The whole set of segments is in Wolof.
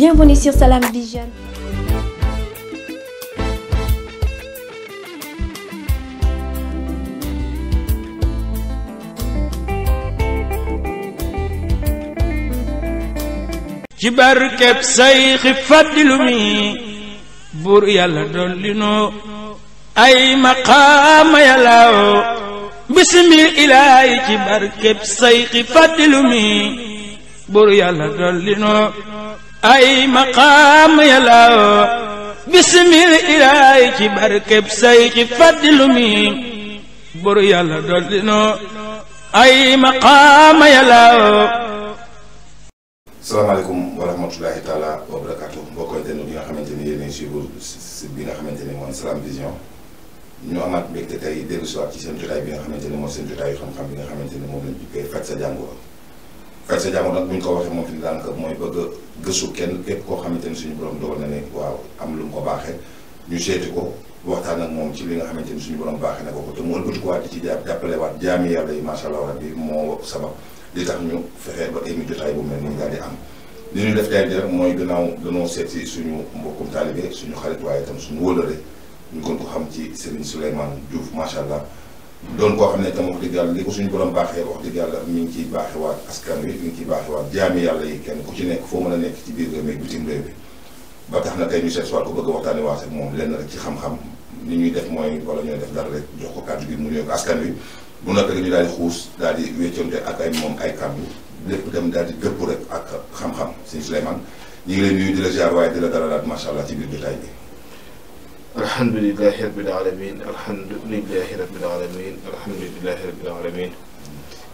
Bienvenue sur Salam Vision. ci yàlla dolli ay maqaama yàllaaw bismil ilaahi ci barkeb sayxi fàddilu ay maqaam yàllaw bisimil ilaay ci barkeb say ci faddilu mi buru yàlla doldino ay maqaam yàllaw salaamaaleykum wa rahmatulahi taala wa barakaatu mbokkoy den bi xamante ni yéen a ngi suivre bi nga xamante ni moom Salam Vision ñu amaat mbégte si waat ci seen bi nga xamante ni moom seen jotaay yu xam-xam bi nga xamante ni moom lañ koy faj Seydi Diakhoune nag bu ñu ko waxee moom fi ñu daan mooy bëgg a gëstu kenn képp koo xamante ni suñu borom doo na ne waaw am lu mu ko baaxee ñu seeti ko waxtaan ak moom ci li nga xamante ni suñu borom baaxee na ko ko te mu ëlbatikuwaat di ci jàppale waat jaami yàlla yi moo sabab li tax ñu fexee ba émi jotaay bu mel ni am. li ñu def tey rek mooy gannaaw danoo seet si suñu mbokkum taalibe suñu xarit waaye itam suñu wóolare ñu gën ko xam ci Serigne Souleymane Diouf macha allah. doon koo xam ne tam wax dëgg yàlla li ko suñu borom baaxee wax dëgg yàlla mi ngi ciy baaxewaat askan wi mi ngi ciy baaxewaat jaami yàlla yi kenn ku ci nekk foo mën a nekk ci biir réew mi ba tax na tey ñu seet soit ko bëgg a waxtaane waat moom lenn rek ci xam-xam ni ñuy def mooy wala ñooy def dara rek jox ko kàddu bi mu ñëw ko askan wi bu noppee rek ñu daal di xuus daal di wéccoonte ak ay moom ay kàddu lépp dem daal di dëpp rek ak xam-xam sëñ Souleymane ñu ngi leen nuyu di la ziar di la dalalaat macha allah ci biir jotaay bi alhamdulilahi rabbil alamin alhamdulilahi rabbil alamin alhamdulilahi rabbil alamin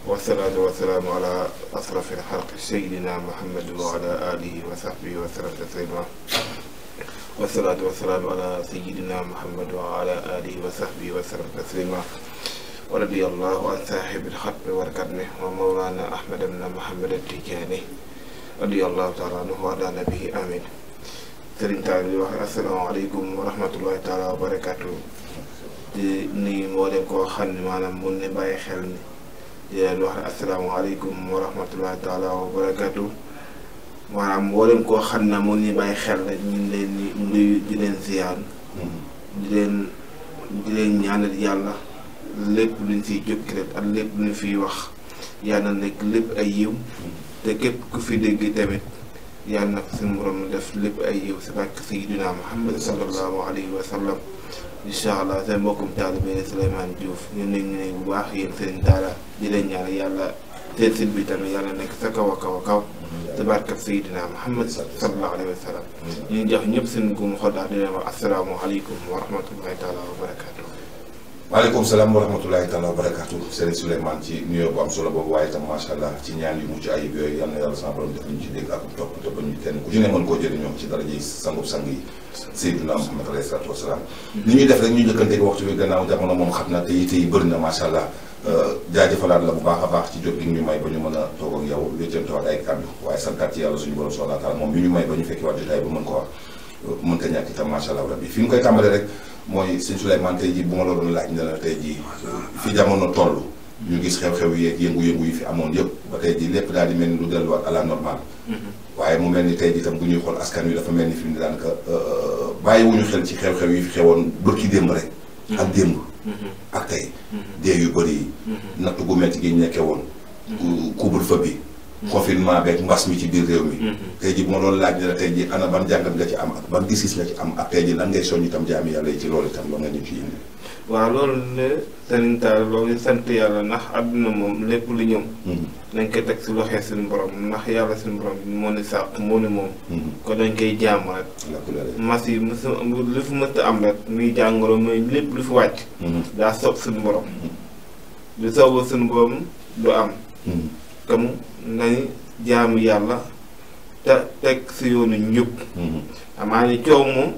wasalaatu wasalaamu ala asrafil xalqi sayidina muhammadin wa ala alihi wa sahbihi wa sallam taslima wasalaatu wasalaamu ala sayidina muhammad wa ala alihi wa sahbihi wa sallam taslima wa radiyallahu an saaxibil xatmi warkatmi wa mawlana ahmad ibn muhammad at-tijaani radiyallahu taala anhu wa ala nabihi amin sëriñ taal bi wax asalaamaaleykum wa rahmatullahi taala wa barakaatu di nuyu mboolem koo xam ne maanaam mun ne bàyyi xel ni di leen wax asalaamaaleykum wa rahmatullahi taala wa barakaatu maanaam mboolem koo xam ne mun ni bàyyi xel ne di leen ziyaan di leen di leen ñaanal yàlla lépp luñ fiy jukki rek ak lépp luñ fiy wax yàlla nekk lépp ay yiw te képp ku fi dégg tamit yàlla na ko suñu borom def lépp ay yiw si bàkk sayyidina Muhammad sallallahu alayhi wa sallam incha allah seen mbokkum taalibe Souleymane Diouf ñu ne ñu ne bu baax yéen seen daara di leen ñaan yàlla seen sit bi tamit yàlla nekk sa kaw a kaw a kaw si barkat sayyidina Muhammad sallallahu alayhi wa sallam ñu jox ñëpp seen gum xodaa di leen wax asalaamualeykum wa rahmatullahi taala wa barakaatu. maaleykum salaam wa rahmatulahi taala wa barakaatu Serigne Souleymane ci nuyoo bu am solo boobu waaye itam macha allah ci ñaan yu mucc ayib yooyu na yàlla sama borom ba ñu ñuy def rek ñu njëkkanteeg waxtu bi jamono moom xam na te yite yi bëri na macha allah euh, bu baax a baax ci jot gi ñu may ba ñu mën a toog ak yow wéccantewaat ay kàddu waaye santaat ci yàlla suñu borom subhaanahu wa taala moom mi ñu may ba ñu fekki waat jotaay ba mën ko wax mën ko ñàkk itam macha allah rabbi fi ñu koy tàmbalee rek mooy sëñ Souleymane tey jii bu ma la doon laaj ne la tey jii fi jamono toll ñu gis xew-xew yi yëngu-yëngu yi fi amoon yëpp ba tey jii lépp daal di mel ni lu delluwaat à la mm-hmm. waaye mu mel ni tey jii tam bu ñuy xool askan wi dafa mel ni fi mu ne daanaka euh, euh, bàyyiwuñu xel ci xew-xew yi fi xewoon bërki démb rek mm-hmm. ak démb mm-hmm. ak tey dee yu bëri yi gu metti gi ñu nekkee woon couvre-feu bi confinement beeg mbas mi ci biir réew mi. Mm-hmm. tey jii bu ma laaj ne la tey jii ana ban jàngat nga ci am ak ban gis-gis nga ci am ak tey jii lan ngay soññ itam jaami yàlla yi ci loolu itam la ne sëriñ Tall loolu sant yàlla ndax àdduna moom lépp lu ñëw. dañ mm-hmm. koy teg si loxee suñu borom ndax yàlla suñu borom moo ni sàq moo ni moom. Mm-hmm. kon dañ koy jaamu rek. mas yi mos lu fi mës a am rek muy jàngoro mooy lépp lu fi wàcc. daa soob suñu borom. lu soobul suñu borom du am. tam nañ jaamu yàlla te teg si yoonu njub mm-hmm. amaa ni coow moom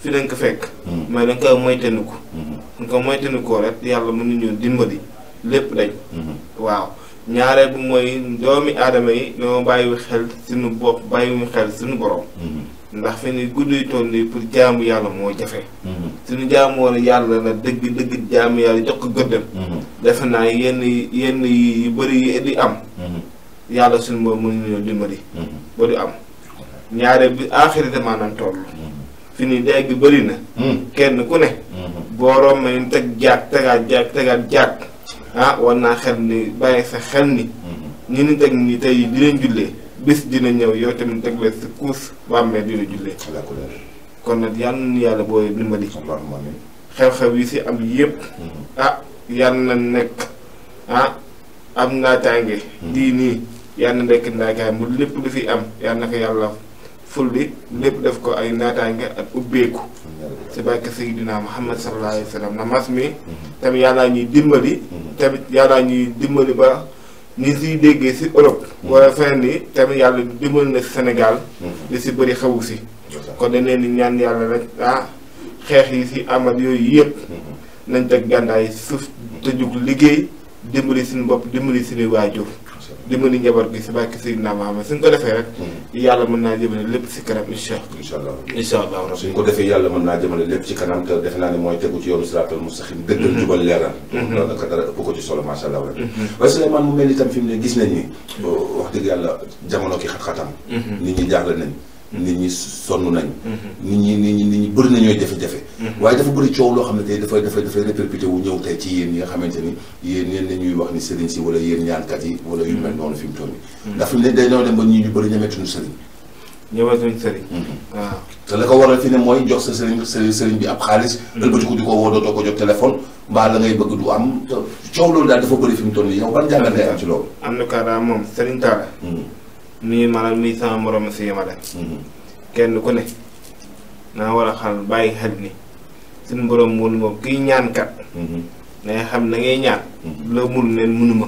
fi dañ ko fekk mm-hmm. mooy dañ ko moytandiku mm-hmm. dañ ko moytandikoo rek yàlla mën nañu dimbali lépp dañ waaw ñaareel bi mooy doomi aadama yi dama bàyyi xel suñu bopp bàyyiwuñu xel suñu borom ndax fi ni gudd yu nii pour jaamu yàlla moo jafe suñu jaamu woon yàlla la dëgg dëgg jaamu yàlla jox ko gëddam defe naa yenn yenn yi yu bëri yi di am yàlla suñu moom mënuñu dimbali. Mm-hmm. ba du am ñaare bi aaxiri maanaam toll. Mm-hmm. fi ni dégg gi bëri mm-hmm. kenn ku ne. boo rommee teg jaag tegaat jaag tegaat jaag ah war naa xel ni bàyyi sa xel ni. ñu ni teg ni tey dinañ jullee bis dina ñëw yow tamit teg la si kuus bàmmee dina jullee. kon nag yàlla na yàlla booy xew-xew yi si am yëpp. ah yàlla na nekk ah am naa tànge. di nii. yàlla na nekk mu lépp lu fi am yàlla na ko lépp def ko ay naataange ak ubbeeku ci barke Seydina Muhammad sallallahu alayhi na mas mi tamit yàllaa ñuy dimbali tamit yàllaa ñuy dimbali ba ñi siy déggee si Europe wala feneen ni tamit yàlla dimbali na si Sénégal li si bëri xewu si kon dañ leen ñaan yàlla rek ah xeex yi si amal yooyu yëpp nañ teg gàndaay suuf te jug liggéey dimbali suñu bopp dimbali suñuy waajur dimbali njaboot gi si bàkki Seydina Muhammad suñ ko defee rek hmm. yàlla mën naa jëmale lépp si kanam incha allah incha allah suñ ko defee yàlla mën naa jëmale lépp ci kanam te defe naa ne mooy tegu ci yoonu siraatal mustaqim hmm. dëggal jubal leeral hmm. loolu nag dara ëpp ko ci solo macha allah rek waaye Souleymane mu mel itam fi mu ne gis nañ ni wax dëgg yàlla jamono ki xat-xatam nit ñi jaaxle nañ nit ñi sonn nañ mm-hmm. nit ñi nit ñi nit ñi bëri nañooy jafe-jafe mm-hmm. waaye dafa bëri coow loo xam ne tey dafay dafay dafay répercuté wu ñëw tey nga xamante ni yéen yéen nañuy wax ni sëriñ si wala yéen ñaankat yi wala yu mel mm-hmm. noonu fi mu toll nii ndax fi mu ne day dem ba ñi ñu bëri ñametuñu sëriñ ñëwatuñ sëriñ waaw te ko waral fi ne mooy jox sa sëriñ sa sëriñ bi ab xaalis ëlbatiku di ko woo dootoo ko jot téléphone mbaa la ngay bëgg du am coow loolu daal dafa bëri fi mu toll nii yow ban jàngat ngay am ci loolu am daal nii maanaam nii sama morom si yemale mm-hmm. kenn ku ne naa war a xal bàyyi xel ni suñ borom mun moom kiy ñaankat mm-hmm. na xam na ngay ñaan mm-hmm. loo mënu neen mënuma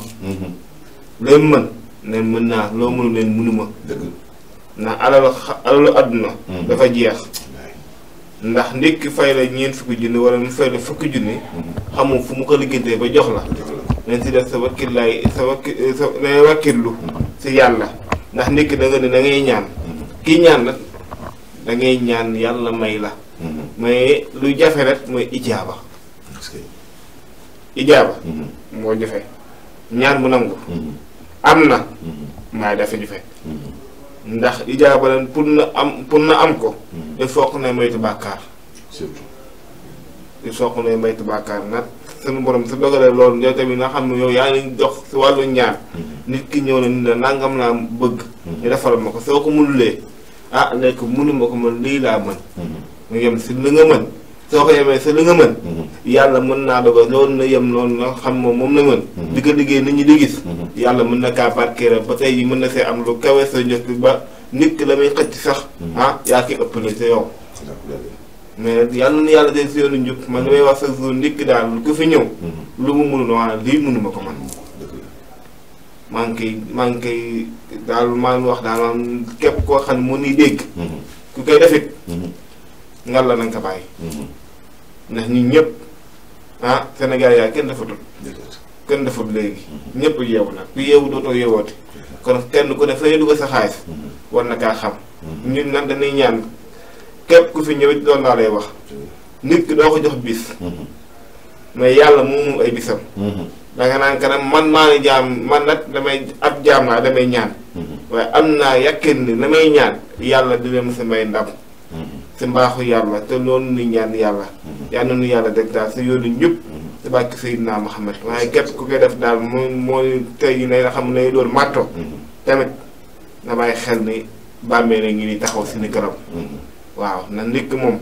loo mën neen mën naa loo mënu neen mënuma dëgg ndax alalu àdduna dafa jeex ndax ndékki fay la ñeent fukki junni wala mu fay la fukki junni xamul fu mu ko liggéeyee ba jox la nañ si def sa wakkil laay sa wakki sa na wakkillu si yàlla ndax nekk da nga ne ñaan kii ñaan la dangay ngay ñaan yàlla may la mm-hmm. mais lu jafe rek mooy ijaaba ijaaba mm-hmm. moo jafe ñaan bu nangu mm-hmm. am na maay dafa jufe ndax ijaaba leen pour na am pour na am ko il faut que ne moytu bàkkaar surtout il faut que ne moytu bàkkaar nag sunu borom su dogalee loolu yow tamit nga xam ne yow yaa ngi dox si wàllu ñaan nit ki ñëw na ni la nangam laa bëgg. Mhm. ñu defaral ma ko soo ko mënulee ah léegi mënu ma ko man lii laa mën. nga mhm. yem si li nga mën soo ko yemee si li nga mën. Mhm. yàlla mën naa dogal loolu na yem loolu na xam moom moom la mën. di ko liggéey nit ñi di gis. yàlla mën na kaa barkeeral ba tey mën na see am lu kawe sa njot bi ba nit ki la muy xëcc sax. ah yaa ki ëppale sa yow. mais yàlla na yàlla day si yoonu njub man li may wax sa zone nit ki daal ku fi ñëw. lu mu mënul maa ngi koy maa ngi koy daal maa ngi wax daal maanaam képp koo xam ne mu ni dégg. Mm-hmm. ku koy defit mm-hmm. la na ko bàyyi. Mm-hmm. ndax ñun ñëpp ah Sénégal yaa kenn defatul. kenn defut léegi. ñëpp yeewu nag ku yeewu dootoo yeewooti. kon kenn ko ne fa ñu dugg sa war na kaa xam. ñu nag dañuy ñaan képp ku fi ñëwit loolu laa lay wax. nit ki doo ko jox bis. mais yàlla moomu ay bisam. danga naan kanam man maa ngi jaam man nag damay ak jaam laa damay ñaan mm-hmm. waaye am naa yàqin ni la ñaan yàlla di leen sa may ndam mm-hmm. si mbaaxu yàlla te loolu nu ñaan yàlla mm-hmm. yàlla nu yàlla deg daal sa yoonu ñëpp si bàkki Seydina Muhammad waaye képp ku koy def daal moo moo tey yi na xam lay doon màtto tamit na bàyyi xel ni bàmmee na ngi ni taxaw si ni garab waaw na nit moom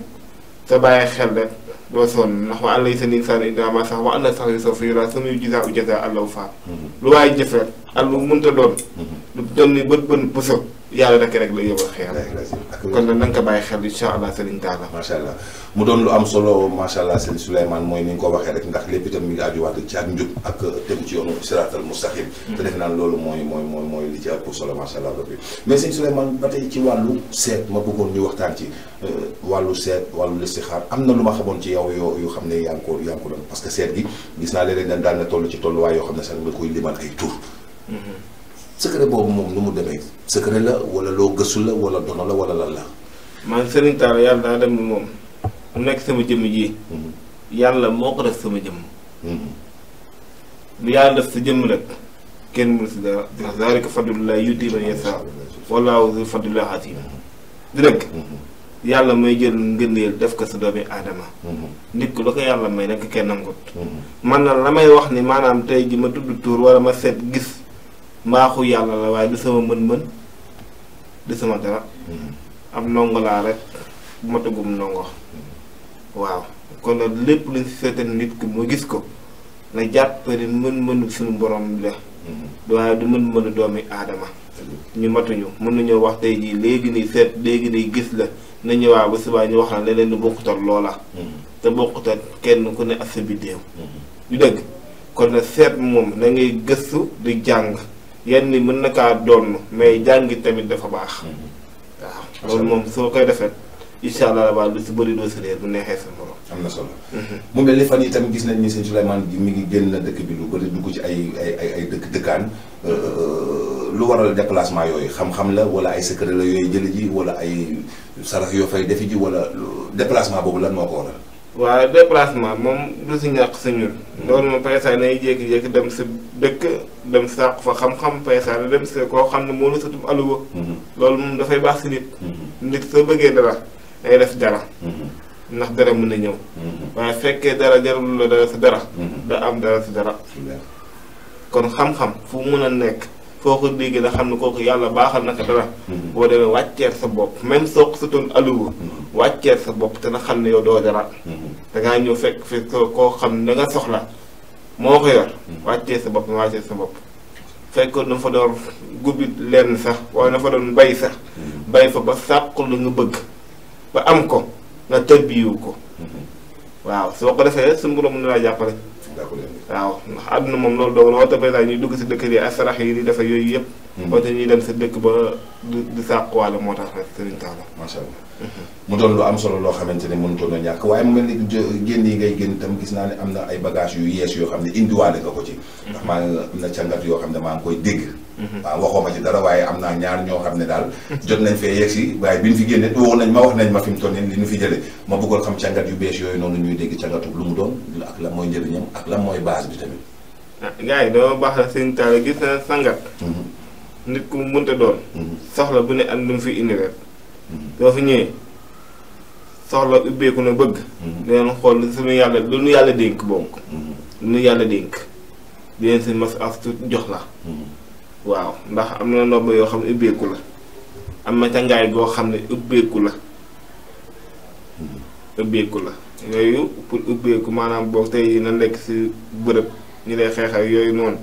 sa bàyyi xel rek doo sonn ndax wa àlla yi sa nin saani idaama sax wa àlla sax yu sa fi yura sama yu jisaa u jaza àllaw faa mm-hmm. lu waaye jëf rek ak lu mënta doon. Mm-hmm. lu doon ni bët bën bëso yàlla rek rek la yóbbu xeer. kon nag na nga ko bàyyi xel incha allah sëriñ Talla. mu doon lu am solo macha allah sëriñ Souleymane mooy ni nga ko waxee rek ndax lépp itam mi ngi ajuwaat ci ak njub ak siraatal mustaqim mm-hmm. te def naan loolu mooy mooy mooy mooy li ci ëpp solo macha allah rabbi mais sëriñ Souleymane ba tey ci wàllu seet ma bëggoon ñu waxtaan ci euh, wàllu seet wàllu listixaar am na lu ma xamoon ci yow yoo yoo xam ne yaa ngi ko yaa ngi ko seet gi gis naa léeg-léeg dañ toll ci tolluwaay yoo xam ne sax nga koy limal ay secret boobu moom nu mu demee secret la wala loo gëstu la wala dono la wala lan la. man Serigne yàlla daa dem ni moom nekk sama jëmm ji. Mhm. yàlla moo ko def sama jëmm. Mhm. lu yàlla def sa jëmm nag kenn mënu si dara ndax zaalika fadlullaahi mhm. di rek yàlla may jël ngëneel def ko sa doomi aadama nit ko la yàlla may nekk kenn nangut man na la may wax ni maanaam tey ji ma tudd tuur wala ma seet gis mbaaxu yàlla la waaye du sama mën-mën du sama dara am mm-hmm. ndongo laa rek ma tëggum ndongo waaw kon nag lépp luñ si seetal nit ki mu gis ko na jàpp ni mën-mënu suñu borom la mm-hmm. waaye du mën-mënu doomi aadama mm-hmm. ñu matuñu mën nañoo wax tey jii léegi nii seet léegi nii gis la na ñëwaa ba subaa ñu wax na leneen lu bokkutal loola te bokkutal kenn ku ne ak sa biddéew du dëgg kon nag seet moom na ngay gëstu di jàng yenn ni mën na kaa doon mais jàngi tamit dafa baax. Mhm. waaw loolu moom soo koy defee incha allah rabaa lu si bëri doo si réer bu neexee sa morom. am na solo. Mhm. mu mel ni fan yi tamit gis nañ ni sëñ Souleymane bi mi ngi génn na dëkk bi lu bëri dugg ci ay ay ay dëkk dëkkaan euh, lu waral déplacement yooyu xam-xam la wala ay secret la yooyu jële ji wala ay sarax yoo fay defi ji wala déplacement boobu lan moo ko waral. waaye déplacement moom du si ñàkk sa ñun loolu moom paysaane nay jékki-jékki dem si dëkk dem sàq fa xam-xam paysaane dem sa koo xam ne moo la satum aluwa mhm. loolu moom dafay baax si nit mhm. nit soo bëggee dara day def dara mhm. ndax dara mun na ñëw waaye fekkee dara jarul la dara si dara da am dara si dara kon xam-xam fu mën a nekk foo ko déggee da xam ne kooku yàlla baaxal naka dara boo demee wàcceer sa bopp même soo ko satoon aluwa wàcceer sa bopp te na xam ne yow doo dara da ngaa ñëw fekk fekk koo xam ne da nga soxla moo ko hmm. wàccee sa bopp wàccee sa bopp fekk na fa doon gubbi lenn sax waaye na fa doon bay sax hmm. bay fa ba sàq lu nga bëgg ba am ko nga tërbiyu ko hmm. waaw soo ko defee su mburoom na laa jàppale waaw ndax àdduna moom loolu doog la woote ba ñuy dugg si dëkk bi ak sarax yi di dafa yooyu yëpp woote ñuy dem sa dëkk ba di sàquwaale moo tax rek sëriñ taala mu doon lu am solo loo xamante ne mënutoon na ñàkk waaye mu mel ni génn yi ngay génn tam gis naa ne am na ay bagage yu yees yoo xam ne indiwaale nga ko ci ndax maa ngi am yoo xam ne maa ngi koy dégg mhm. waaw waxoo ma ci dara waaye am naa ñaar ñoo xam ne daal jot nañ fee yegg si waaye bi ñu fi génne woo nañ ma wax ma fi mu toll nii li ñu fi jële ma bëggoon xam càngat yu bees yooyu noonu ñuy mooy njëriñam ak lan mooy baas bi tamit ah gars yi dama baax la seen taal gis na sangat mhm. nit ku mënta doon mhm. soxla bu ne am lu mu fi indi rek soo fi ñëwee soxla ubbeeku na bëgg. Mm-hmm. di leen xool suñu yàlla lu nu yàlla dénk bonk mm-hmm. lu nu yàlla dénk di leen si mas as jox la. Mm-hmm. waaw ndax am na ndomb yoo xam ne ubbeeku la am na cangaay goo xam ne ubbeeku la ubbeeku la yooyu pour ubbeeku maanaam boo tey na nekk si bërëb ñu lay xeexal yooyu noonu.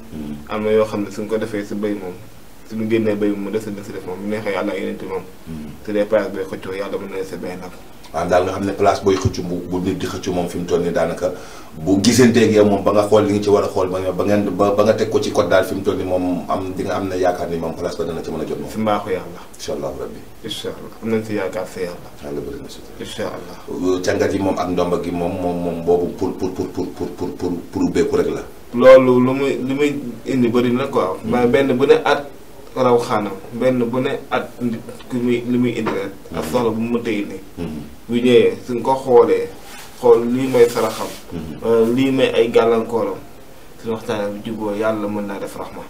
am na yoo xam ne suñ ko defee si bay moom suñu génnee béy moom mu des na si def moom bu neexee yàlla yeneen moom. su dee place bee xëccoo yàlla mën na la sa béy nag. maanaam daal nga xam ne place booy xëccu bu bu nit di xëccu moom fi mu nii daanaka bu gisanteeg yow moom ba nga xool li nga ci war a xool ba ngeen nga teg ko ci code daal fi mu a jot moom. fi mbaaxu yàlla. incha allah rabbi. incha allah euh, yi moom ak ndomba gi moom moom moom boobu pour pour pour pour pour pour pour ubbeeku rek la. loolu lu muy lu muy indi bëri na quoi. mais hmm. benn bu ne at. raw xaanam benn bu ne at nit muy li muy indi rek ak mm-hmm. soxla bu mu mënta indi mm-hmm. bu ñëwee suñ ko xoolee xool lii mooy saraxam mm-hmm. lii may ay gàllankooram suñu waxtaanee bu juboo yàlla mën naa def raxma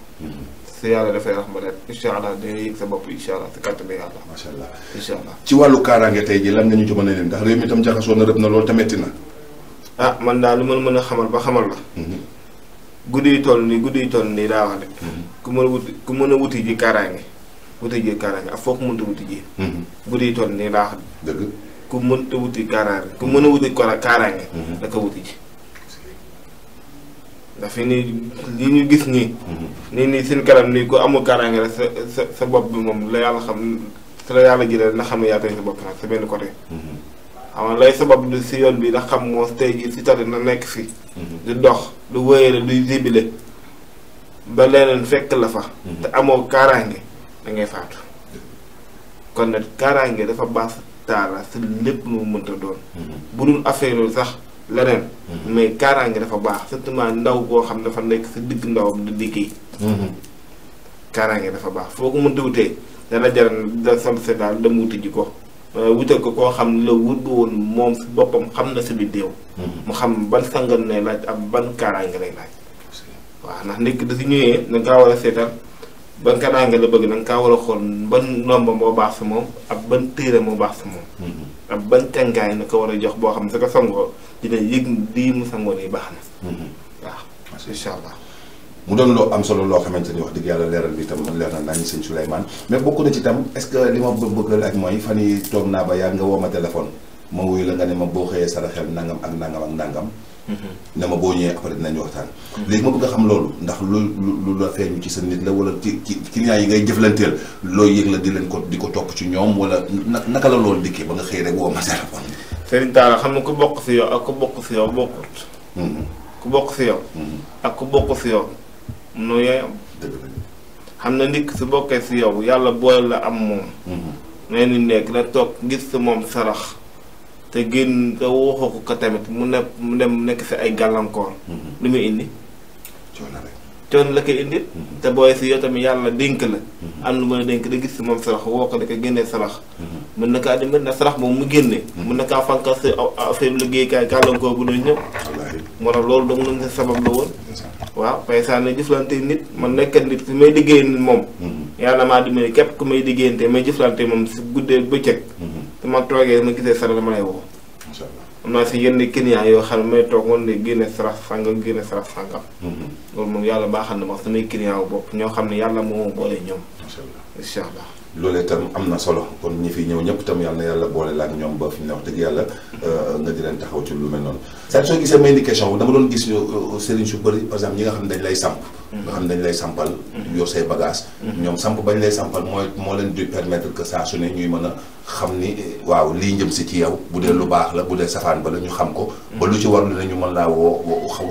su yàlla dafay raxma rek incha allah dina yëg sa bopp incha allah si kàttanu yàlla macha allah ci wàllu kaaraange tey ji lan nga ñu ci ndax réew mi tam jaxasoo na rëb na loolu te metti na ah man daal lu mën mën a xamal ba xamal la guddi yu toll nii guddi yu toll nii daa wax de. Mhm. ku mën a wuti ku mën a wuti ji kaaraange wuti ji kaaraange ak foo ko mënta wuti ji. Mhm. guddi toll nii daa wax de. dëgg ku mënta wuti kaaraange ku mën a wuti kaaraange. da mhm. ko wuti ji. ndax nii li ñu gis nii. nii nii seen kanam nii ku amul kaaraange la sa sa sa bopp bi moom la yàlla xam la yàlla jëlee na xam ne yaa tey sa bopp nag sa benn côté. xam lay sabab lu si yoon bi ndax xam moom tey jii si tari na nekk fi. di dox du wéyale du jibile ba leneen fekk la fa. te amoo kaaraange da ngay faatu. kon nag kaaraange dafa baax taala si lépp lu mu mënta doon. bu dul affaire sax leneen. mais kaaraange dafa baax surtout ndaw boo xam dafa nekk si digg ndawam di liggéey. kaaraange dafa baax foo ko mënta wutee dana jar da sam seddaal dem wuti ji ko. Euh, wutal ko koo xam ne la wut woon moom si boppam xam na si lu mm-hmm. mu xam ban sangan lay laaj ab ban kaaraange lay laaj waaw ndax nit ki da si ñëwee da nga kaa war a seetal ban kaaraange la bëgg da nga kaa war a xool ban nomba moo baax si moom ak ban téere moo baax si moom mm-hmm. ak ban cangaay na ko war a jox boo xam ne su ko sangoo dina yëg lii mu sangoo nii baax na mm-hmm. waaw incha allah mu doon loo am solo loo xamante ni wax dëgg yàlla leeral bi tam leer na nañu sëñ Souleymane mais bokk na ci tam est-ce que li ma bëgg ak mooy fan yi toog naa ba yàgg nga woo ma téléphone ma wuyu la nga ne ma boo xëyee saraxel nangam ak nangam ak nangam. Mm-hmm. boo ñëwee après dinañ waxtaan. Mm-hmm. léegi ma bëgg a xam loolu ndax lu lu la feeñu ci sa nit la wala ci ci clients yi ngay jëflanteel loo yëg la di leen ko di ko topp ci ñoom wala na naka la loolu dikkee ba nga xëy rek woo ma téléphone. xam nga ku bokk si yow ak ku bokk si yow bokkut. Mm-hmm. ku bokk si yow. ak ku bokk si yow. noo yooyu am xam na ndikk su bokkee si yow yàlla booy la am moom mm-hmm. nee ni nekk la toog gis sa moom sarax te génn nga waxoo ko tamit mu ne mu dem nekk si ay gàllankoor mm-hmm. lu muy indi coon la koy indi mm-hmm. te booy si yow tamit yàlla dénk la am lu mën a dénk da gis si moom sarax woo ko da ko génnee sarax mën na kaa dimbali na sarax moom mu génne mun na kaa fanqal si affaire liggéeykaay gàllankoor bu doon ñëw moo tax loolu dong nañ sa sabab la woon waaw paysaan ne jëflante nit man nekkat nit ku may liggéey nit moom mm-hmm. yàlla maa dimbali képp ku may liggéeyante may jëflante moom si guddee bëccëg mm-hmm. su ma toogee ma gisee sara dama lay woo am naa si yenn clients yoo xam ne may toog woon ne génne sarax sàngam génne sarax sàngam. Mm-hmm. loolu moom yàlla baaxal na ma samay clients wu bopp ñoo xam ne yàlla moo boole ñoom. incha allah incha allah. loolee itam am na solo kon ñi fi ñëw ñëpp itam yàlla na yàlla boole ak ñoom ba fi wax dëgg yàlla euh, nga di leen taxaw ci lu mel noonu. saa soo gisee may indication dama doon gis euh, sëriñ su bëri par exemple xam ne dañ lay samp. Mm-hmm. nga xam lay sampal. Mm-hmm. yor say bagage ñoom samp bañ lay sampal mooy moo leen di permettre que saa su ne ñuy mën a. xam ni waaw lii njëm si ci yow bu dee lu baax la bu dee safaan ba la ñu xam ko ba lu ci warul la ñu mën laa woo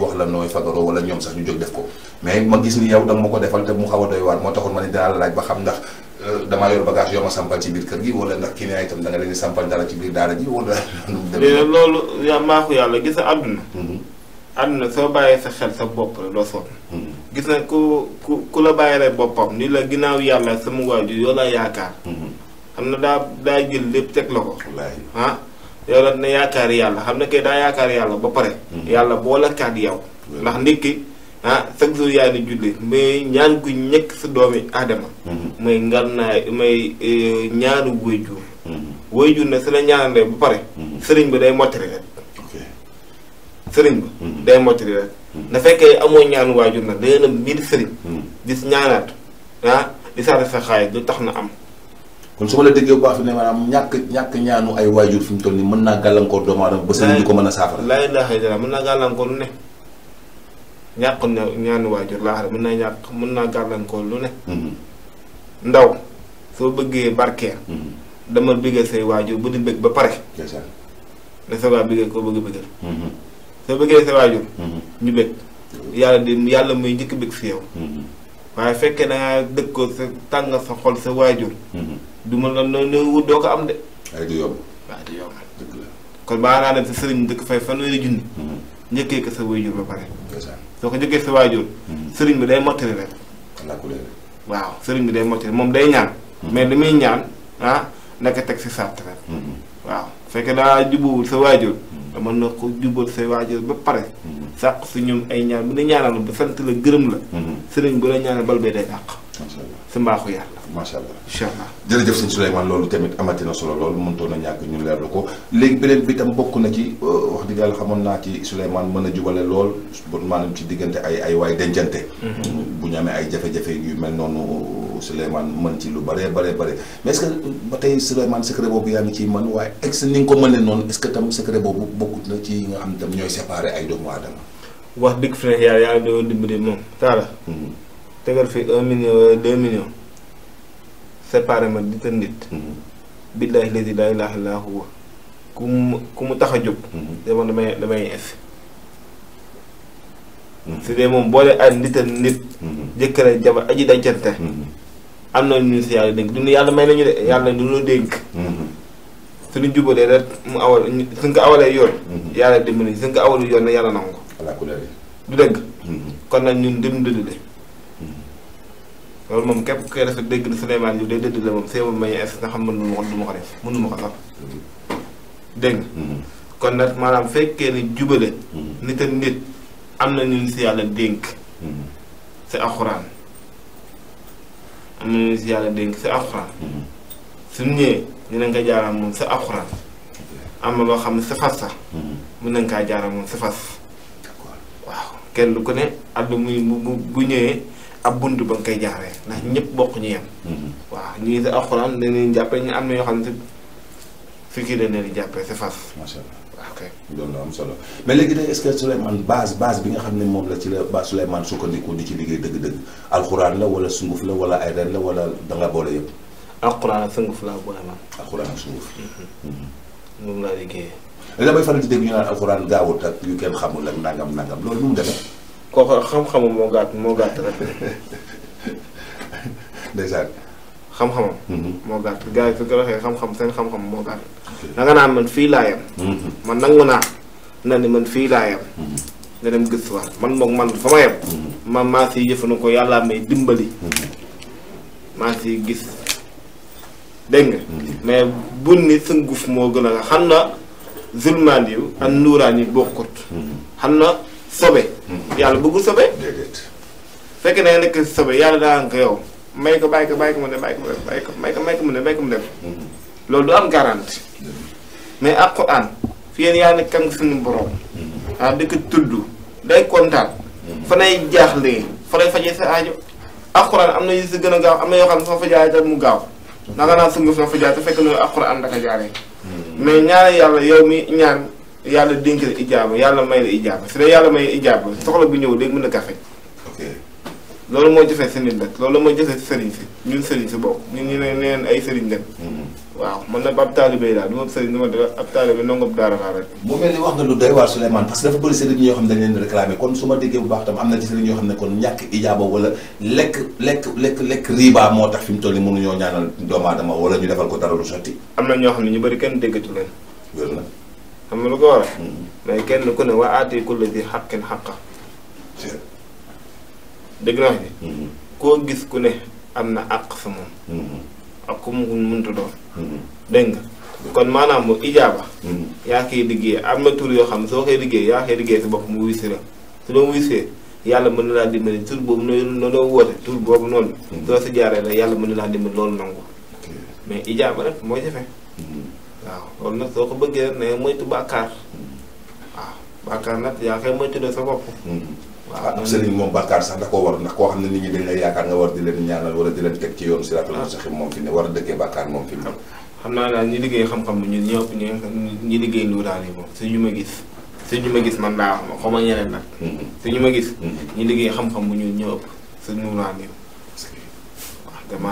wax la nooy fagaroo wala ñoom sax ñu jóg def ko mais ma gis ni yow danga ma ko defal te mu xaw a doy waar moo taxoon ma ne dinaa la laaj ba xam ndax euh, damaa yor bagage yoo ma sampal ci biir kër gi wala ndax kii ne itam da nga leen di sampal dara ci biir daara ji wala déedéet loolu yaa maaxu yàlla gis na àdduna mm-hmm. àdduna soo bàyyee sa xel sa bopp la doo sonn mm-hmm. gis na ku ku ku la bàyyi rek boppam ni la ginnaaw yàlla sama waajur yoo la yaakaar mm-hmm. xam na daa daa jël lépp teg la ko. ah yow nag na yaakaar yàlla xam ne kay daa yaakaar yàlla ba pare. Mm-hmm. yàlla boolekaat yow. ndax nit ki ah chaque jour yaa ngi mais ñaan gu ñekk sa doomi aadama. Mm-hmm. mooy ngannaay mooy eh, ñaanu waajur. Mm-hmm. waajur ne su la ñaanalee ba pare. sëriñ bi day mottali rek. sëriñ ba day mottali rek. na fekkee amoo ñaan waajur nag day na mbir sëriñ. di ñaanaat ah di saata sa xaalis du tax na am. kon su ma la déggee bu baax fi ne maanaam ñàkk ñàkk ñaanu ay waajur fi mu toll nii mën naa gàllankoor doomu aadama ba sëriñ du ko mën a saafara. laa ilaaha illallaah mën naa gàllankoor lu ne ñàkk ñaanu waajur laa xam mën naa ñàkk mën naa gàllankoor lu ne. Mhm. ndaw soo bëggee barkeel. Mhm. dama bëggee say waajur bu di bëgg ba pare. ne sa waa bëggee koo bëgg bëggal. Mhm. soo bëggee say waajur. ñu bëgg. yàlla di yàlla muy njëkk bëgg si yow. waaye fekkee da dëgg dëkkoo sa tàng sa xol sa waajur. du ma la no wut doo ko am de. waaye du yomb. waaye du yomb. dëgg la kon baa naa dem sa sëriñ dëkk fay fanweeri junni. Mm-hmm. njëkkee ko sa waajur ba pare. soo ko njëkkee sa waajur. Mm-hmm. sëriñ bi day mottali rek. waaw sëriñ bi day mottali moom day ñaan. Mm-hmm. mais li muy ñaan ah naka teg si sàtt rek. waaw fekk daa jubbuwul sa waajur. mën na ko jubal sa waajur ba pare. sàq si ñoom ay ñaan bu ne ñaanal ba sant la gërëm la. sëriñ bu la ñaanal bal bay day àq. sa mbaaxu yàlla. macha allah incha allah. jërëjëf sëñ Souleymane loolu tamit amatina na solo loolu mënutoon na ñàkk ñu leerlu ko léegi beneen bi tam bokk na ci euh, wax dëgg xamoon naa ci Souleymane mën a jubale lool bon maanaam ci diggante ay ay waay dencante. Mm-hmm. bu amee ay jafe yu mel noonu Souleymane mën ci lu bëree bëree bëri mais est-ce que ba tey Souleymane secret boobu yaa ngi ciy mën waaye ex ni nga ko mënee noonu est-ce que tam secret boobu bokkut na ci nga xam tam ñooy séparer ay doomu aadama. wax dëgg fa yàlla yàlla doon dimbali moom taala mm-hmm. tegal fi un million wala euh, deux millions séparé ma di ta nit mm-hmm. billaahi lazi laa huwa ku mu ku mu tax a jóg dama mm-hmm. damay damay es mm-hmm. dee moom boole ay nital nit jëkkër ak jabar aji dajante am na ñu si yàlla dénk du yàlla may nañu de yàlla du ñu dénk suñu jubalee rek mu awal suñ ko awalee yoon yàlla dimbali suñ ko awalu yoon na yàlla nangu du dëgg kon nag ñun dund dund loolu moom kepp ku koy def dégg na Souleymane Diouf day dëdd la moom see moom may es nga xam mënuma ko duma ko def mënuma ko sax dégg mhm. kon nag maanaam fekkee ni jubale mhm. nit am na ñu si dénk mhm. si alxuraan yàlla dénk si alxuraan suñu ñëwee ñu ne nga moom si alxuraan am na loo xam ne si fas sax mun nañ kaa jaaraam moom si fas waaw kenn lu ko ne addu muy bu bu ñëwee ab bunt ba nga koy jaaree ndax ñëpp bokk ñu yem. Mhm. waaw ñii sa alxuraan dañ leen jàppee ñu am na yoo xam ne fikir dañ leen di jàppee si fas. macha allah ok loolu am solo mais léegi tey est-ce que Souleymane base base bi nga xam ne moom la ci la ba Souleymane sukkandiku di ci liggéey dëgg-dëgg alxuraan la wala sunguf la wala ay ren la wala da nga boole yëpp. alxuraan ak sunguf laa boole man. alxuraan ak sunguf. Mhm. Mhm. moom laa liggéeyee. damay faral di dégg ñu naan alxuraan gaawut ak yu kenn xamul ak nangam nangam loolu mu demee kooku xam-xamam moo gàtt moo gàtt rek. ndeysaan. xam mm-hmm. moo gàtt gars yi su ko xam-xam seen xam-xam moo gàtt. da nga man fii laa yem. Mm-hmm. man nangu naa na ni man fii laa yem. Mm-hmm. nga dem gëstuwaat man moom man fa ma yem. man maa siy jëfandiku ko yàllaa may dimbali. maa siy gis dégg nga. mais buñ ni sunguf moo gën a xam na zulmaan ak nuuraan yi bokkut. xam na. sobe mm-hmm. yàlla bëggul sobe fekk na nekk sobe yàlla daa ko yow may ko bàyyi ko bàyyi ko mu ko bàyyi ko may ko may ko mu dem bàyyi ko mu dem mm-hmm. loolu du am garanti mm-hmm. mais ak Quran fi yéen yaa nekk kam suñu borom waaw di ko tudd day kontaan fa nay jaaxlee fa lay fajee sa aajo ak Quran am na si gën a gaaw am na yoo xam ne soo fa jaaree te mu gaaw nanga naa sungu fa jaaree te fekk loolu ak Quran daka jaaree mais ñaare yàlla yow mi ñaan yàlla dénk la ijaaba yàlla may la ijaaba su yàlla may la ijaaba soxla bu ñëw léegi mën na ka faj. loolu moo jëfee seen i nag loolu moo jëfee sëriñ si ñun sëriñ si bokk ñun ñu ne neen ay sëriñ lañ. Mhm. waaw ma sëriñ du ma dara ab taalibe nangoom daara laa rek. mu mel ni wax nga lu doy waar Souleymane parce que dafa bëri sëriñ ñoo xam ne dañ leen kon su ma déggee bu baax tam am na ci sëriñ ñoo xam ne kon ñàkk ijaaba wala lekk lekk lekk lekk riba moo tax fi mu toll nii mënuñoo ñaanal doomu aadama wala ñu defal ko dara lu sotti. am ñoo xam ne ñu bëri kenn déggatu leen. xam nga lu ko war mm-hmm. mais kenn ku ne waa aatee ku la di xaqin xaqa dëgg na wax koo gis ku ne am na àq sa moom mm-hmm. ak ku mu mënta doon mm-hmm. dégg nga kon maanaam mu ijaaba yaa koy liggéey am na tur yoo xam soo koy liggéey yaa koy liggéey sa bopp mu wisi la la wisee yàlla mën na laa dimbali tur boobu noonu la woote tur boobu noonu soo si jaaree la yàlla mën na laa dimbali loolu nangu mais ijaaba rek mooy jafe waaw loolu nag soo ko bëggee ne moytu bàkkaar waaw bàkkaar nag yaa koy moytudoo sa bopp hmm. waaw am ah, sëriñ moom bàkkaar sax da koo war ndax koo xam ne nit ñi dañ lay yaakaar nga war di leen ñaanal wala di leen teg ci yoon siraatul ah. mustaqiim moom fi ne war a dëkkee bàkkaar moom fi ne ah, xam naa daal ñi liggéey xam-xam bi ñun ñëpp ñu ñi liggéey luuraan yi moom su ñu ma gis su ñu ma gis man daa xam xaw ma ñeneen hmm. ñu ma gis hmm. ñi liggéey xam-xam bu ñun ñëpp su nuuraan yi waaw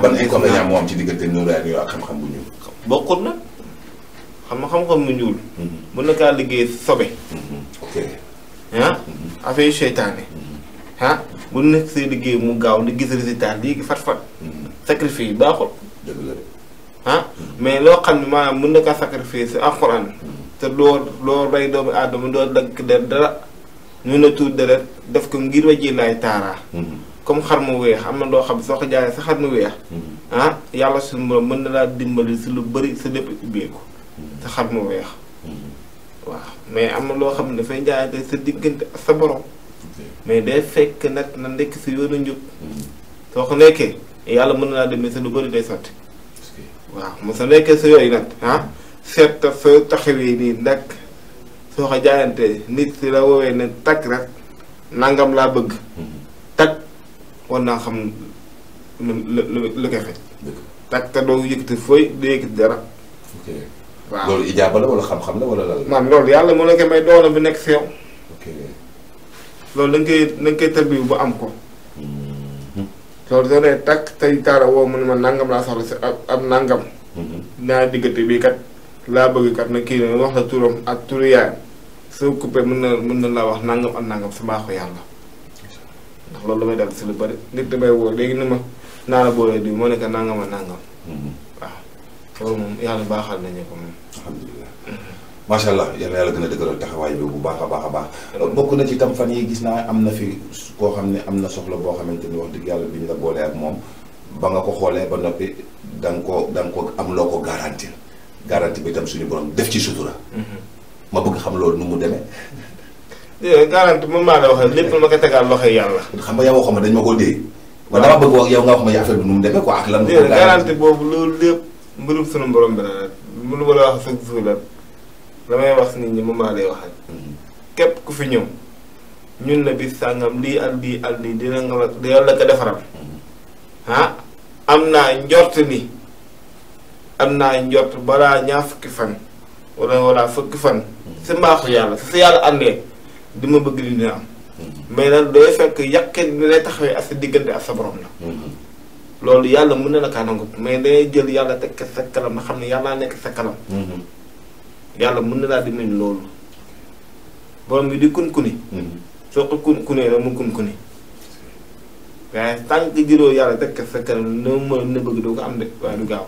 ban inconvénient moo am ci diggante nuuraan yi ak xam-xam bu ñu bokkul na xam nga xam-xam mu ñuul. Mm-hmm. liggéey sobe. Mm-hmm. ok ah bu nekk say liggéey mu gaaw di gis résultat léegi fat-fat. Mm-hmm. sacrifice baaxul. mais loo xam ne maanaam mën na kaa sacrifice si alxuraan te doo doo rey doomu aadama doo dagg der dara ñu tuut deret def ko ngir wajji laay taaraa. comme xar mu weex am na loo xam soo ko jaayee sa xar mu weex. ah yàlla suñu borom mën na laa dimbali si lu bari sa lépp ubbeeku. sa xar mu weex waaw mais am na loo xam ne dafay jaayante sa diggante sa borom mais de fekk nag na nekk si yoonu njub soo ko nekkee yàlla mën naa demee sa lu bëri day sotti waaw mu sa si yooyu nag ah seet soo taxawee nii nag soo ko jaayante nit si la woowee ne takk rek nangam laa bëgg takk war naa xam lu lu lu ko fekk takk te doo yëkkati fooy doo yëkkati dara waaw loolu ijaaba la wala xam-xam la wala lan la. man loolu yàlla moo la koy may doole bu nekk si yow. ok loolu da nga koy da nga bu am ko. Mhm. loolu doo nee takk tey taara woo mu ne ma nangam laa soxla si ab ab nangam. Mhm. naa diggante bii kat laa bëgg kat na kii wax la ak turu yaayam soo coupé na mën na laa wax nangam ak nangam si mbaaxu yàlla. ndax loolu damay dal si lu bëri nit damay woo léegi ni ma naa la boole diw moo nekk nangam ak nangam. Mhm. waaw loolu moom yàlla baaxal nañu ko moom. alhamdulilah. macha allah yàlla gën a dëgëral taxawaay bi bu baax a baax a baax. bokk na ci tam fan yi gis naa am na fi koo xam ne am na soxla boo xamante ni wax dëgg yàlla bi la boolee moom ba nga ko xoolee ba noppi da nga ko am loo ko garantir bi tam suñu borom def ci sutura. ma bëgg xam loolu nu mu demee. Eh, garanti moom maa la waxee lépp ma ko tegaal loxo xam nga yow waxoon dañ ma koo dee. waaw dama bëgg wax yow nga wax ma affaire bi nu mu demee quoi eh, boobu loolu lépp mbirum sunu borom bi la mënu ma la wax chaque jour la damay wax nit ñi moom maa lay waxal. Mm-hmm. képp ku fi ñëw ñun la bis sàngam lii ak lii ak lii dina nga la dina la ko defaral. Mm-hmm. ah am naa njort ni am naa njort balaa ñaar fukki fan wala wala fukki fan. Mm-hmm. si mbaaxu yàlla si si yàlla àndee di ma bëgg li dina am. mais nag dooy fekk yàqin bi lay taxawee ak sa diggante ak sa borom la. loolu yàlla mën na la kaa nangu mais dangay jël yàlla teg sa kanam na xam ne yàllaa nekk sa kanam. Mhm. yàlla mun na laa dimbali loolu. borom bi di kun kuni. Mhm. soo ko kun kunee rek mu kun kuni. waaye tant que yàlla teg sa kanam ne ma ne bëgg doo ko am de waaye du gaaw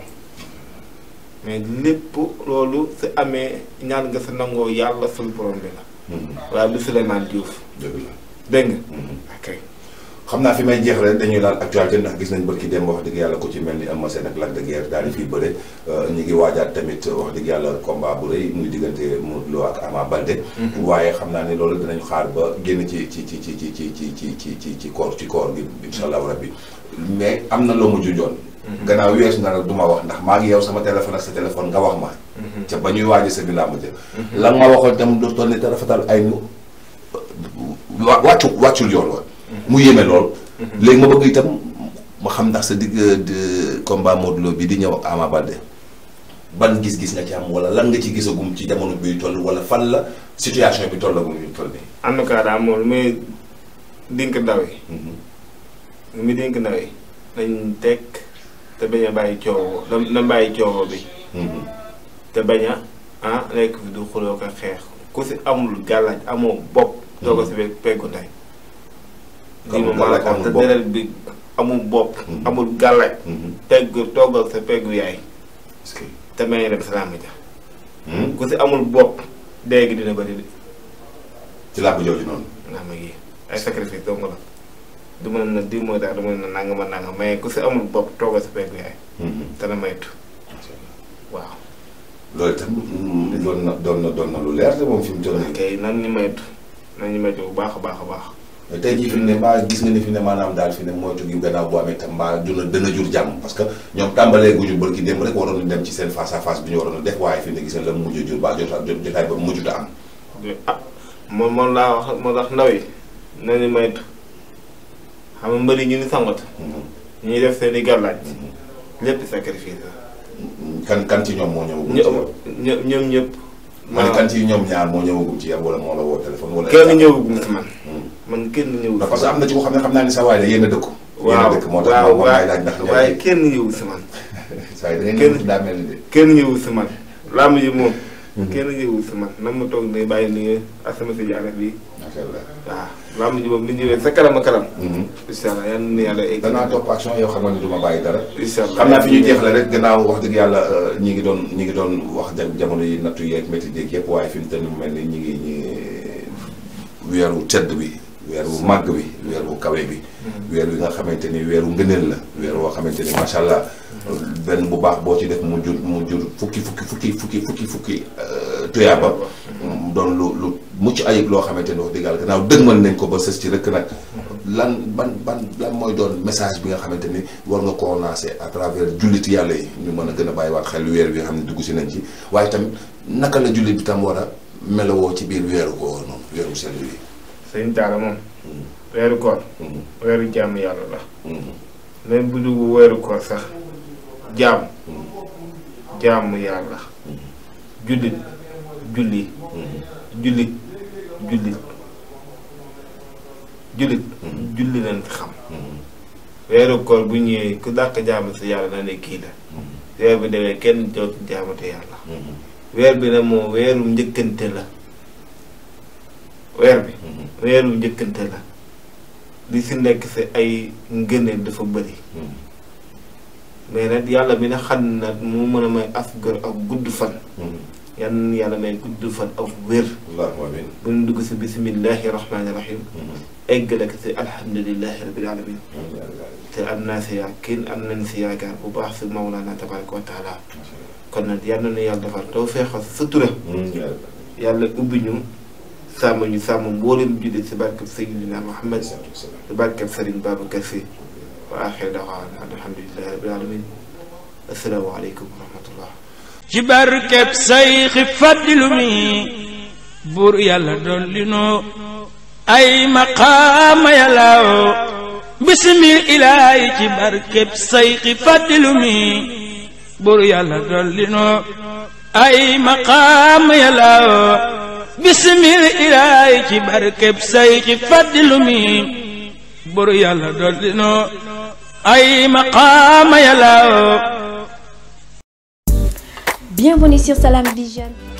mais lépp loolu su amee ñaan nga sa nangoo yàlla suñu borom bi la. Mhm. waaye lu Souleymane Diouf. dëgg xam naa fi may jeex rek dañuy laal actualité ndax gis nañ bërki dem wax dëgg yàlla ku ci mel ni Eumeu Sène ak Lac de Guiers daal di fiy bëre ñu ngi waajaat tamit wax dëgg yàlla combat bu rëy muy diggante Modou Lo ak Ama Baldé waaye xam naa ne loolu dinañ xaar ba génn ci ci ci ci ci ci ci ci ci ci ci koor ci koor gi incha allahu rabbi mais am na loo mu junjoon gannaaw weesu na nag du ma wax ndax maa ngi yow sama téléphone ak sa téléphone nga wax ma ca ba ñuy waaji sa bi làmb ja la nga ma waxoon tam du toll ni te rafetal ay wàccu wàccul yoon woon mu yéeme lool. Mhm. léegi ma bëgg itam ma xam ndax sa digg euh, de combat Modou Lo bi di ñëw ak Ama Baldé ban gis-gis nga ci am wala lan nga ci gisagum ci jamono bi toll wala fan la situation bi tollagum ñu toll nii. en muy dénk bi. Mhm. te bañ mhm. ah nekk fi du xuloo ko xeex ku si amul gàllaaj amoo bopp. doo ko si peggu ndey. amul gàllaaj amul bopp bi amul bopp. Mhm. amul gàllaaj. Mhm. pegg toogal sa peggu yaay. te may dem salaam ja. Hmm? ku si amul bopp dee gi dina bëri de. ci làmb jooju noonu. làmb gi ay sacrifice dong la. du ma ne diw mooy tax du ma ne nangama nangam mais ku si amul bopp toogal sa peggu yaay. Mhm. te na maytu. waaw. loolu itam mm, na doon na doon na lu leer te moom fi mu toll kay nan ñu maytu nan ñu maytu bu baax a baax a baax. tey jii fi ne mbaa gis nga ne fi ne maanaam daal fi mu ne moytu gi gannaaw bu amee tam mbaa dina dana jur jàmm parce que ñoom tàmbalee guñu bër a def waaye a jot jotaay ba mujjut a am. ah moom moom laa wax moo tax ndaw yi nañu moytu xam nga mbëri ñu mhm. ñuy def seen i gàllaaj mhm. lépp sacrifice la. kan kan ci ñoom moo ñëw. ñoom ñoom ñëpp. man kan ci ñoom ñaar moo ñëwagum ci yow wala moo la woo téléphone. wala kenn ñëwagum ci man. man kenn ñëwul. parce que am na ci boo xam ne xam naa ne sa waay la yéen a dëkk. waaw waaw waaye kenn ñëwul si man. saa yi daa mel kenn ñëwul si man làmb yi moom. Mhm. kenn ñëwul si man nan ma toog ne bàyyi ni asama si jaaree bi. macha allah waaw làmb moom ni ñëwee sa karam a karam. Mhm. incha allah yal na yàlla egg. danaa topp action yoo xam ne du ma bàyyi dara. incha la xam naa fi ñu jeexle rek gannaaw wax dëgg yàlla euh, ñi ngi doon ñi ngi doon wax jamono yi nattu yeeg métti yeeg yëpp waaye fi mu toll mel ni ñi ngi ñi weeru bi weer wu màgg bi weer wu kawe bi mm-hmm. weer wi nga xamante ni weer wu ngëneel la weer woo xamante ni allah benn bu baax boo ci def mu jur mu jur fukki fukki fukki fukki fukki fukki euh, tuyaaba mm-hmm. doon lu lu mucc ayib loo xamante ni wax dëgg yàlla nañ ko ba sës ci rëkk nag mm-hmm. lan ban ban lan mooy doon message bi nga xamante ni war nga ko lancer à travers jullit yàlla yi ñu mën a gën a bàyyiwaat xel weer wi nga xam ne dugg si nañ ci waaye tamit naka la jullit bi tam war a melowoo ci biir weeru ko noonu weeru sell wi sëñ Daara moom. weeru koor. weeru jàmm yàlla la. même bu dugg weeru koor sax jàmm. jàmm yàlla. jullit julli. jullit jullit jullit. julli leen xam. weeru koor bu ñëwee ku dàq jaamu si yàlla na ne kii la. weer bi demee kenn dootu jaamate yàlla. weer bi nag moom weeru njëkkante la weer bi. weeru njëkkante la li si nekk si ay ngëneel dafa bëri hmm. mais nag yàlla mi ne xam nag moo mën a may as gër ak gudd fan hmm. yàlla may gudd fan ak wér bu ñu dugg si bisimillahi rahmaani rahim hmm. eggale ko si alhamdulilahi rabil alamin te am naa si yaa kenn am nañ si yaakaar bu baax si mawlaana tabaraka wa taala kon nag yal na yàlla defal too feexal sa yàlla ubbi ñu sàmm ñu sàmm mboolem ci barkab Seyxi Fadilu mi buur yàlla dolli noo ay maqaama yàllaaw bismi ilaahi ci barkab Seyxi Fadilu mi buur yàlla dolli noo ay maqaama yàllaaw bisimil ilaay ci barkeb say ci faddilu mi buru yàlla doldino ay maqaama yàlla Bienvenue sur Salam Vision